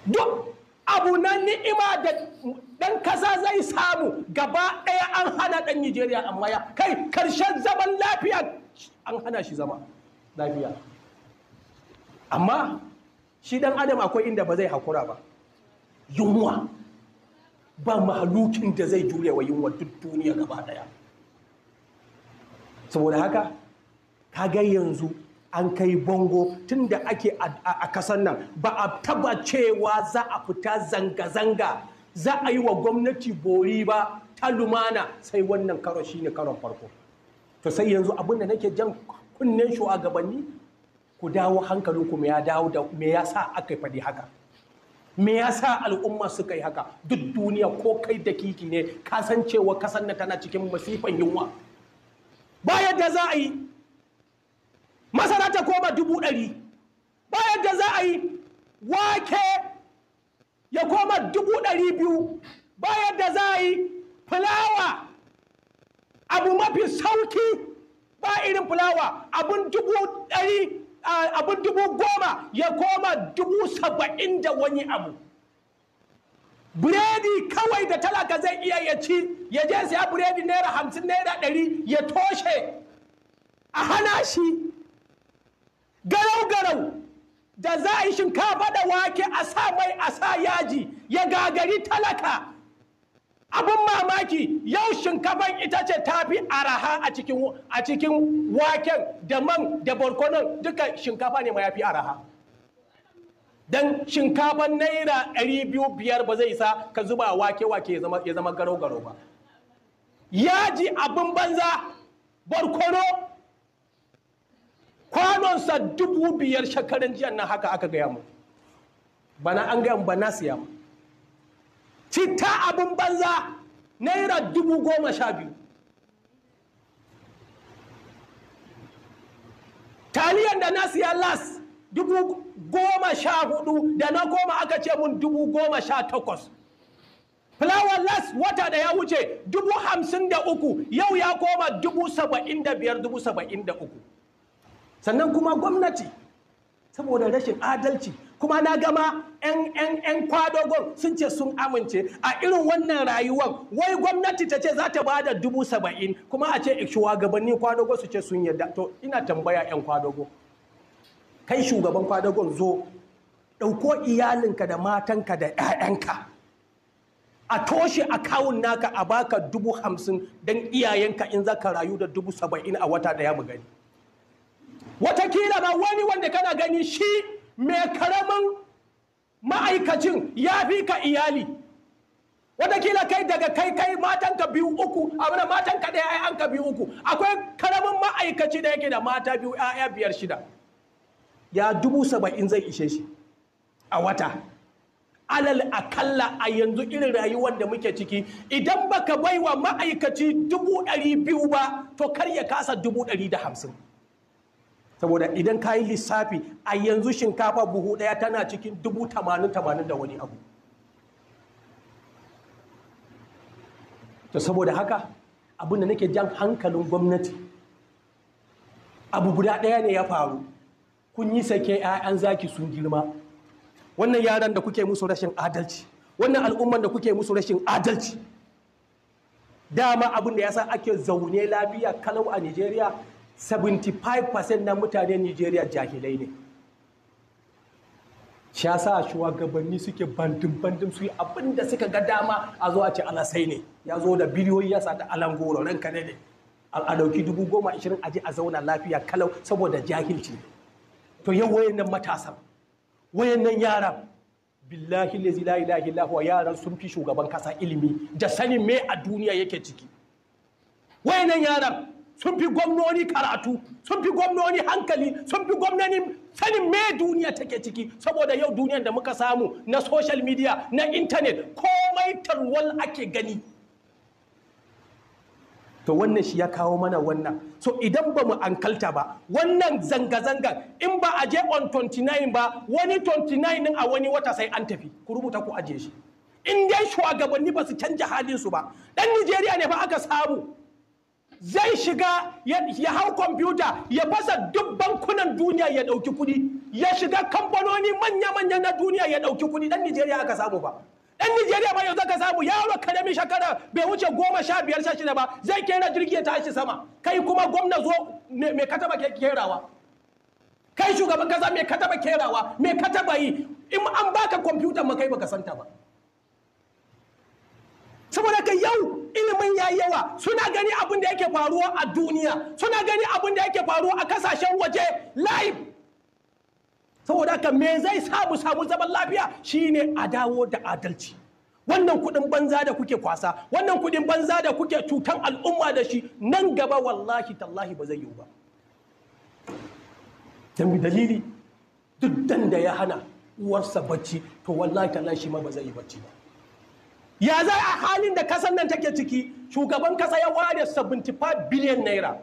duk abu na ni'ima da ɗan kasa zai samu gaba ɗaya an hana ɗan nigeria amma ya kai karshen zaman lafiya an hana shi zama lafiya amma shi ɗan adam akwai inda ba zai haƙura ba yunwa ba mahalukin da zai jure wa yunwa duk duniya gaba daya saboda haka ka ga yanzu an kai bango tun da ake a kasan nan ba a taba cewa za a fita zanga-zanga za a yi wa gwamnati bori ba ta lumana sai wannan karo shi ne karon farko to sai yanzu abinda nake jan kunnen shugabanni ku dawo hankalinku me ya dawo da me ya sa aka faɗi haka me yasa al'umma suka yi haka duk duniya ko kai da kiki ne kasancewa kasan na tana cikin masifan yunwa ba yadda za a yi masara ta koma dubu ɗari ba yadda za a yi wake ya koma dubu ɗari biyu ba yadda za a yi fulawa abu mafi sauki ba irin fulawa abun dubu ɗari abin dubu goma ya koma dubu saba'in da wani abu biredi kawai da talaka zai iya ya ci ya je siya biredi naira hamsin naira ɗari ya toshe a hana shi garau-garau da za a yi shinkafa da wake a sa mai a sa yaji ya gagari talaka abun mamaki yau shinkafan ita ce ta fi araha a cikin a cikin waken da man da barkonon duka shinkafa ne ma ya fi araha dan shinkafan naira ɗari biyu biyar ba zai sa ka zuba wake wake ya zama garo garo ba yaji abin banza barkono kwanonsa dubu biyar shekarun jiyan nan haka aka gaya mu bana an gaya mu bana siya mu citta abin banza naira dubu goma sha biyu taliyan da na siya las dubu goma sha hudu da na goma aka ce mun dubu goma sha takwas Flower las wata da ya wuce dubu hamsin da uku yau ya koma dubu saba'in da biyar dubu saba'in da uku sannan kuma gwamnati saboda rashin adalci kuma na gama 'yan kwadogon sun ce sun amince a irin wannan rayuwar wai gwamnati ta ce za ta ba da dubu saba'in kuma a ce gabanin kwadogon su ce sun yarda to ina tambaya 'yan kwadogon. kai shugaban kwadogon zo ɗauko iyalinka da matanka da 'ya'yanka a toshe akawun naka a baka dubu hamsin don iyayenka in za ka rayu da dubu saba'in a wata ɗaya mu gani watakila ba wani wanda kana gani shi mai karamin ma'aikacin ya fi ka iyali watakila kai daga kai kai matanka biyu uku abin matanka ɗaya ai an ka biyu uku akwai karamin ma'aikaci da yake da mata biyu ya'ya biyar shida ya dubu saba'in zai ishe shi a wata alal akalla a yanzu irin rayuwar da muke ciki idan baka baiwa ma'aikaci dubu ɗari biyu ba to kar ya kasa dubu ɗari da hamsin saboda idan ka yi lissafi a yanzu shinkafa buhu ɗaya tana cikin dubu tamanin tamanin da wani abu to saboda haka abinda nake jan hankalin gwamnati abu guda ɗaya ne ya faru kun yi sake 'ya'yan zaki sun girma wannan yaran da kuke musu rashin adalci wannan al'umman da kuke musu rashin adalci dama abinda da ya sa ake zaune lafiya kalau a nigeria 75% na mutanen Nigeria jahilai ne. Sha sa shugabanni suke bandin-bandin su yi abin da suka ga dama a zuwa ce ce sai ne, ya zo da biliyoyi ya sata alan goro ranka ne ne. A ɗauki dubu goma ashirin aji a zauna lafiya kalau saboda jahilci. To yau wayan nan matasan, wayan nan yaran, billahi lazi la ilaha huwa yaran sun fi shugaban kasa ilimi da sanin me a duniya yake ciki. Wayan nan yaran sun fi gwamnoni karatu sun fi gwamnoni hankali sun fi gwamnoni sanin me duniya take ciki saboda yau duniyar da muka samu na social media na intanet komai tarwal ake gani to wannan shi ya kawo mana wannan so idan ba mu ankalta ba wannan zanga zangan in ba a je on 29 ba wani 29 din a wani wata sai an tafi ku rubuta ku ajiye shi in dai shugabanni ba su canja su ba dan Nijeriya ne fa aka samu zai shiga ya hau kwamfuta ya fasa duk bankunan duniya ya ɗauki kuɗi ya shiga kamfanoni manya-manya na duniya ya ɗauki kuɗi ɗan Nijeriya aka samu ba. ɗan Nijeriya ba yanzu aka samu yaro karami shekara bai wuce goma sha biyar sha shida ba zai kera jirgi ya tashi sama kai kuma gwamna zo mai kataba kerawa kai shugaban kasa mai kataba kerawa mai kataba yi in an baka kwamfutan ma kai baka santa ba. saboda ka yau ilimin ya yawa suna gani abin da yake faruwa a duniya suna gani abin da yake faruwa a kasashen waje live saboda ka me zai samu samu zaman lafiya shine a dawo da adalci wannan kudin banza da kuke kwasa wannan kudin banza da kuke cutan al'umma da shi nan gaba wallahi tallahi ba zai yiwu ba dan dalili duk dan da ya hana uwarsa bacci to wallahi tallahi shi ma ba zai yi bacci ba ya zai a halin da kasar nan take ciki shugaban kasa ya ware 75 biliyan naira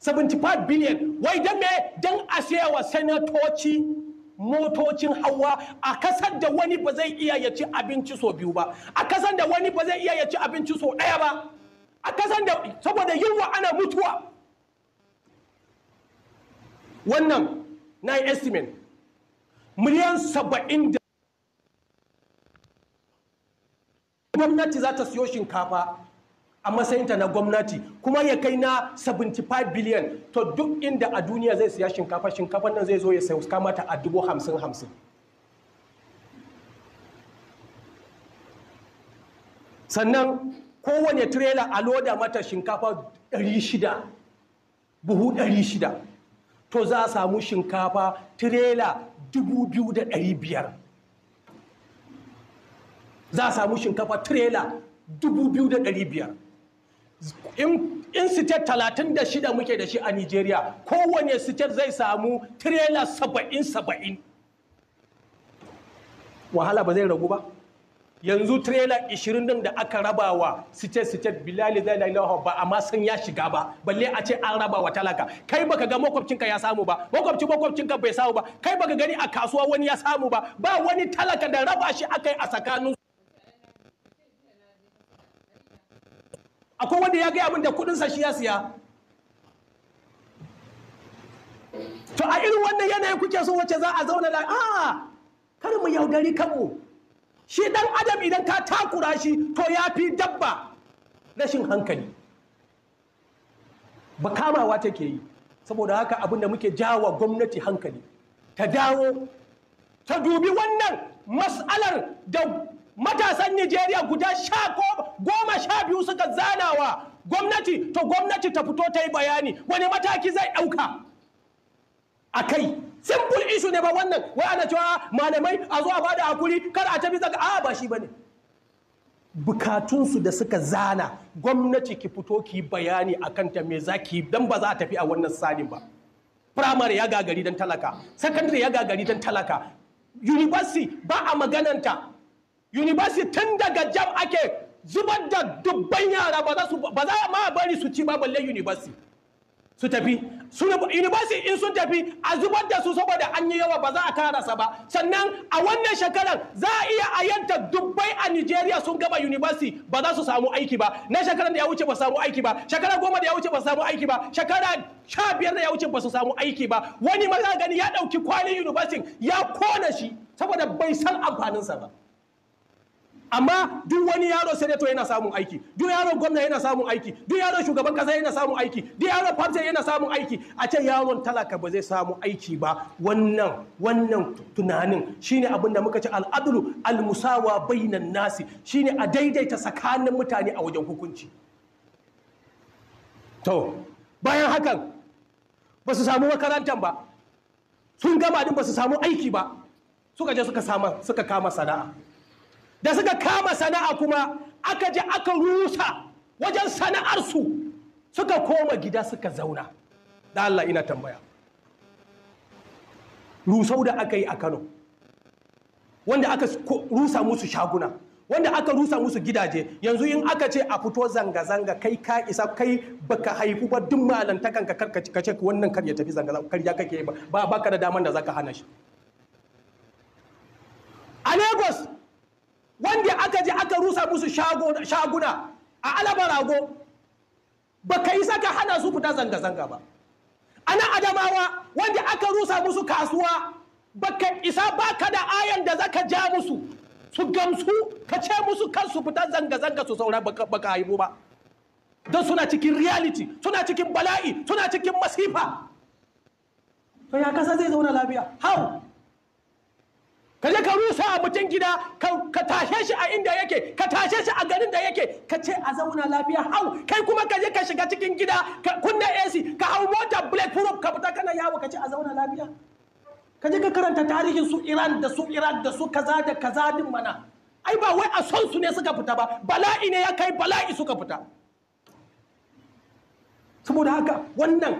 75 biliyan wai don me don a sayawa sanatoci motocin hawa a kasar da wani ba zai iya ya ci abinci so biyu ba a kasar da wani ba zai iya ya ci abinci so ɗaya ba a kasar da saboda yunwa ana mutuwa wannan na estimate miliyan saba'in da gwamnati za ta siyo shinkafa a matsayinta na gwamnati kuma ya kai na 75 biliyan to duk inda a duniya zai siya shinkafa shinkafa nan zai zo ya sauka mata a dubu hamsin hamsin sannan kowane tirela a loda mata shinkafa 600 buhu 600 to za a samu shinkafa tirela 2,500 za a samu shinkafa trela 2,500 in sitet 36 muke da shi a nigeria kowane sitet zai samu tirela 70-70 wahala ba zai ragu ba yanzu trela 20 din da aka raba wa sitet-sitet bilali zai lalawa ba amma sun ya shiga ba balle a ce an raba wa talaka kai baka ga makwabcinka ya samu ba makwabci makwabcinka bai samu ba kai baka gani a kasuwa wani ya samu ba ba wani talaka da raba shi akai a tsakanin akwai wanda ya gaya abin da sa shi ya siya to a irin wannan yanayin kuke so wace za a zauna da a kar mu yaudari kanmu shi dan adam idan ka takura shi to ya fi dabba rashin hankali ba kamawa take yi saboda haka abin da muke jawa gwamnati hankali ta dawo ta dubi wannan mas'alar da matasan Nijeriya guda sha goma sha biyu suka zanawa gwamnati to gwamnati ta fito ta yi bayani wani mataki zai ɗauka a kai simple isu ne ba wannan wai ana cewa ah, malamai a zuwa ba da hakuri kar a tafi zaka a ba shi bane bukatunsu da suka zana gwamnati ki fito ki bayani a kanta me zaki ki dan ba za a tafi a wannan salin ba primary ya gagari dan talaka secondary ya gagari dan talaka university ba a magananta university tun daga jam ake zubar da dubban yara ba za ma bari su ci ba balle university su tafi in sun tafi a zubar da su saboda an yi yawa ba za a karasa ba sannan a wannan shekarar za a iya ayyanta dubbai a nigeria sun gaba university ba za su samu aiki ba na shekarar da ya wuce ba samu aiki ba shekarar goma da ya wuce ba samu aiki ba shekara sha biyar da ya wuce ba su samu aiki ba wani maza gani ya ɗauki kwanin university ya kona shi saboda bai san amfaninsa ba amma duk wani yaro senator yana samun aiki duk yaro gwamna yana samun aiki duk yaro shugaban kasa yana samun aiki duk yaro party yana samun aiki a ce yaron talaka ba zai samu aiki ba wannan wannan tunanin shine abin da muka ce al'adlu almusawa bainan nasi shine a daidaita tsakanin mutane a wajen hukunci to bayan hakan ba su samu makarantar ba sun gama din ba su samu aiki ba suka je suka kama sana'a da suka kama sana'a kuma aka je aka rusa wajen sana'arsu suka koma gida suka zauna da Allah ina tambaya rusau da aka yi a Kano wanda aka rusa musu shaguna wanda aka rusa musu gidaje yanzu in aka ce a fito zanga-zanga kai ka isa kai baka haifu ba duk malantakan ka karkaci kace wannan kar ya tafi zanga-zanga kar ya kake ba baka da daman da zaka hana shi a Lagos wanda aka je aka rusa musu shaguna a alaba rago ba ka isa ka hana su fita zanga-zanga ba A ana adamawa wanda aka rusa musu kasuwa ba ka isa ba ka da ayan da za ka ja musu su gamsu ka ce musu kansu fita zanga-zanga su saura ba ka haibu ba don suna cikin reality suna cikin bala'i suna cikin masifa to ya kasa zai zauna lafiya how ka je ka rusa a mutum gida ka tashe shi a inda yake ka tashe shi a garin da yake ka ce a zauna lafiya hau kai kuma ka je ka shiga cikin gida ka kunna AC ka hau mota black proof ka fita kana yawo ka ce a zauna lafiya ka je ka karanta tarihin su Iran da su Iraq da su kaza da kaza din mana ai ba wai a son su ne suka fita ba bala'i ne ya kai bala'i suka fita saboda haka wannan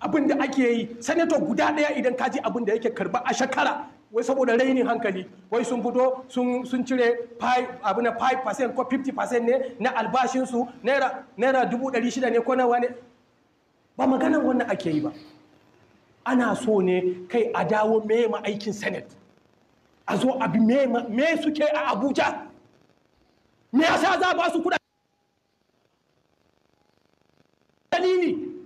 abin da ake yi sanato guda ɗaya idan ka ji abin da yake karba a shekara wai saboda raini hankali wai sun fito sun cire abu na 5% ko 50% ne na albashinsu naira dubu ne ko nawa ne ba maganar wannan ake yi ba ana so ne kai a dawo mema aikin senate a zo abi me suke a abuja me yasa za ba su kuɗa dalili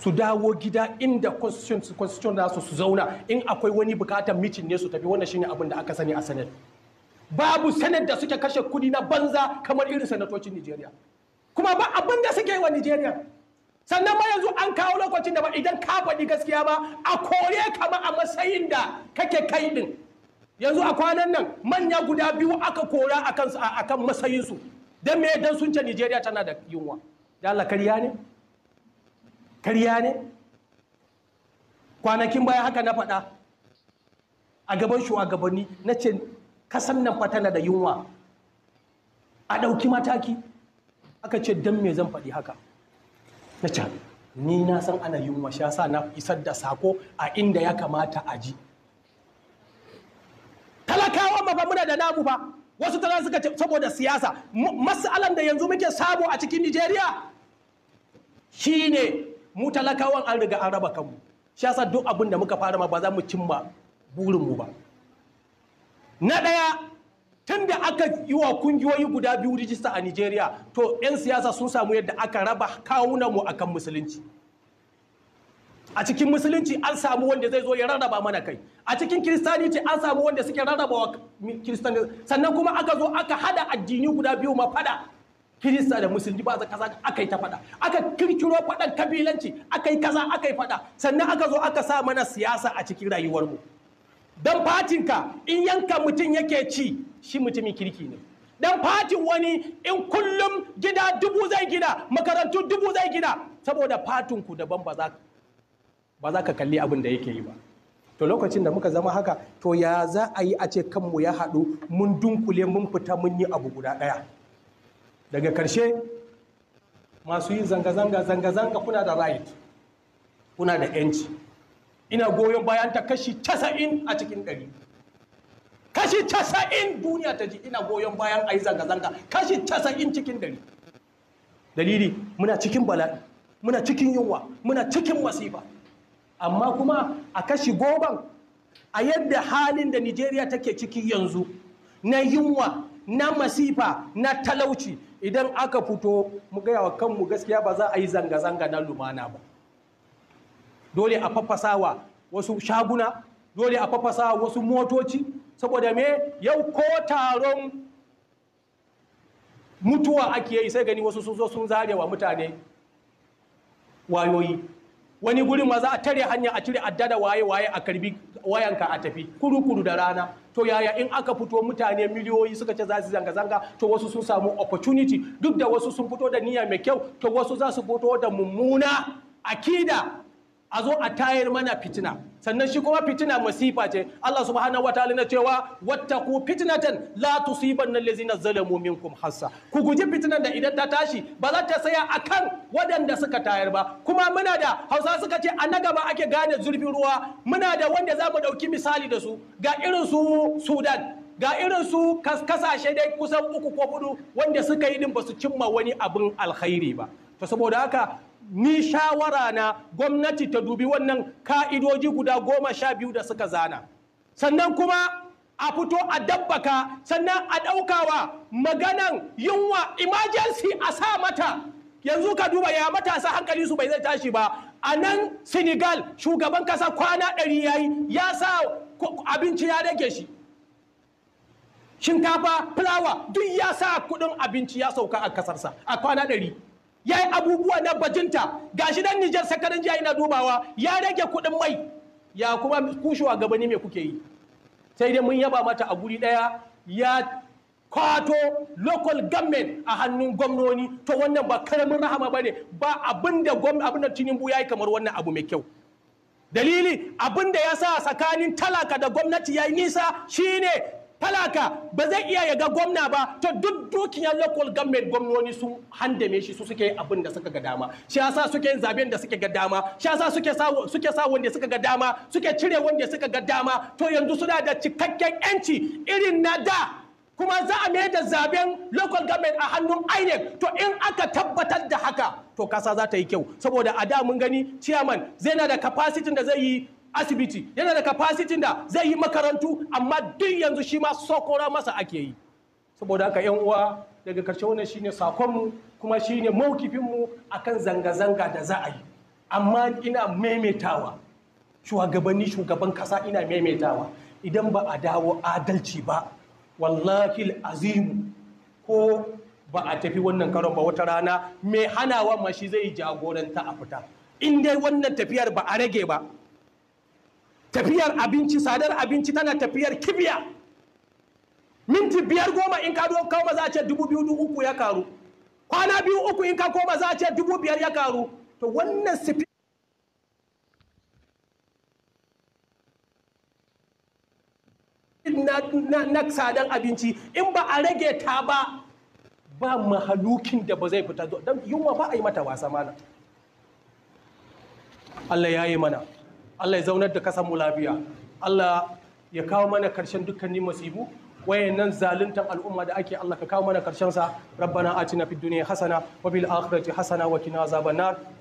su dawo gida inda constitution da su zauna in akwai wani bukatar mitin ne su tafi wannan shine abin da aka sani a sanar babu sanar da suke kashe kudi na banza kamar irin sanatocin Nigeria kuma ba abin da suke yi wa Nigeria sannan ma yanzu an kawo lokacin da ba idan ka faɗi gaskiya ba a kore ka a matsayin da kake kai din yanzu a kwanan nan manya guda biyu aka kora akan akan matsayin su dan me dan sun Nigeria tana da yunwa da Allah ne karya ne kwanakin baya haka na faɗa a gaban shugabanni na ce kasan nan fatana da yunwa a ɗauki mataki aka ce don me zan faɗi haka na ce ni na san ana yunwa shi yasa na isar da sako a inda ya kamata a ji talakawa ba fa muna da namu ba wasu tana suka ce saboda siyasa masu da yanzu muke sabo a cikin Nigeria shine mu talakawan an riga an raba kanmu shi yasa duk abin da muka fara ma ba za mu cimma burinmu ba na ɗaya tun da aka yi wa kungiyoyi guda biyu rijista a nigeria to 'yan siyasa sun samu yadda aka raba kawunanmu a kan musulunci a cikin musulunci an samu wanda zai zo ya rarraba mana kai a cikin kiristaniti an samu wanda suke rarraba wa kiristaniti sannan kuma aka zo aka hada addini guda biyu ma fada kirista da musulmi ba za kaza aka yi ta faɗa aka kirkiro faɗan kabilanci aka yi kaza aka yi faɗa sannan aka zo aka sa mana siyasa a cikin rayuwarmu dan fatin ka, in yanka mutum yake ci shi mutumin kirki ne dan fatin wani in kullum gida dubu zai gida makarantu dubu zai gida saboda fatin ku daban ba za ka kalli abin da yake yi ba to lokacin da muka zama haka to ya za a yi a ce kanmu ya haɗu mun dunkule mun fita mun yi abu guda ɗaya daga karshe masu yin zanga-zanga zanga-zanga kuna da right kuna da yanci ina goyon bayan ta kashi 90 a cikin 100 kashi 90 duniya ta ji ina goyon bayan a yi zanga-zanga kashi 90 cikin 100 dalili muna cikin bala'i muna cikin yunwa muna cikin masifa amma kuma a kashi goban a yadda halin da nigeria take ciki yanzu na yunwa na masifa na talauci idan aka fito mu gaya wa kanmu gaskiya ba za a yi zanga-zanga na lumana ba dole a fafasawa wasu shaguna dole a fafasawa wasu motoci saboda me yau ko taron mutuwa ake yi sai gani wasu sun zo sun wa mutane wayoyi wani guri ma za a tare hanya a cire addada waye-waye a karbi wayanka a tafi kuru-kuru da rana to yaya in aka fito mutane miliyoyi suka ce za su zanga-zanga to wasu sun samu opportunity duk da wasu sun fito da niyya mai kyau to wasu za su fito da mummuna akida a zo a tayar mana fitina sannan shi kuma fitina masifa ce Allah subhanahu ta'ala na cewa wattaku fitnatan la tusibanna allazina zalamu minkum hassa ku guji fitinan da idan ta tashi ba za ta saya akan waɗanda suka tayar ba kuma muna da Hausa suka ce a na gaba ake gane zurfin ruwa muna da wanda za mu ɗauki misali da su ga irin su Sudan ga irin su kasashe dai kusan uku ko hudu wanda suka yi din ba su cimma wani abin alkhairi ba to saboda haka ni shawara na gwamnati ta dubi wannan ka'idoji guda goma sha biyu da suka zana sannan kuma a fito a dabbaka sannan a ɗaukawa maganan yunwa emergency a sa mata yanzu ka duba ya matasa hankali su bai zai tashi ba a nan senegal shugaban kasa kwana ɗari yayi ya sa abinci ya rage shi shinkafa fulawa duk ya sa kudin abinci ya sauka a kasarsa a kwana ɗari ya yi abubuwa na bajinta shi dan Nijar sakarin jiya ina dubawa ya rage kuɗin mai ya kuma kushewa gabani me kuke yi sai dai mun yaba mata a guri ɗaya ya kwato local government a hannun gwamnoni to wannan ba karamin rahama ba ne ba abin da abin tinubu ya yi kamar wannan abu mai kyau dalili abin da ya sa tsakanin talaka da gwamnati ya yi nisa shine talaka ba zai iya ya ga gwamna ba to duk dukiyar local government gwamnoni sun handame shi su suke abin da suka ga dama shi yasa suke yin zaben da suke ga dama shi yasa suke sa suke sa wanda suka ga dama suke cire wanda suka ga dama to yanzu suna da cikakken yanci irin na da kuma za a mai da zaben local government a hannun INEC to in aka tabbatar da haka to kasa za ta yi kyau saboda a da mun gani chairman zai na da capacity da zai yi asibiti yana da capacity da zai yi makarantu amma duk yanzu shi ma sokora masa ake yi saboda haka yan uwa daga karshe wannan shine mu kuma shine maukifin mu akan zanga-zanga da za a yi amma ina maimaitawa shugabanni shugaban kasa ina maimaitawa idan ba a dawo adalci ba wallahi azimu ko ba a tafi wannan karon ba wata rana mai hanawa ma shi zai jagoranta a fita in dai wannan tafiyar ba a rage ba tafiyar abinci sadar abinci tana tafiyar kibiya minti biyar goma in ka koma za a ce dubu biyu uku ya karu kwana biyu uku in ka koma za a ce dubu biyar ya karu to wannan sifi na, na, na sadar abinci in ba a rage ta ba ba mahalukin da ba zai fita don yunwa ba a yi mata wasa mana Allah ya yi mana Allah ya zaunar da kasan mu lafiya Allah ya kawo mana karshen dukkanin masibu wayannan zaluntan al'umma da ake Allah ka kawo mana karshen sa rabbana atina fid dunya hasana wa bil akhirati hasana wa qina azaban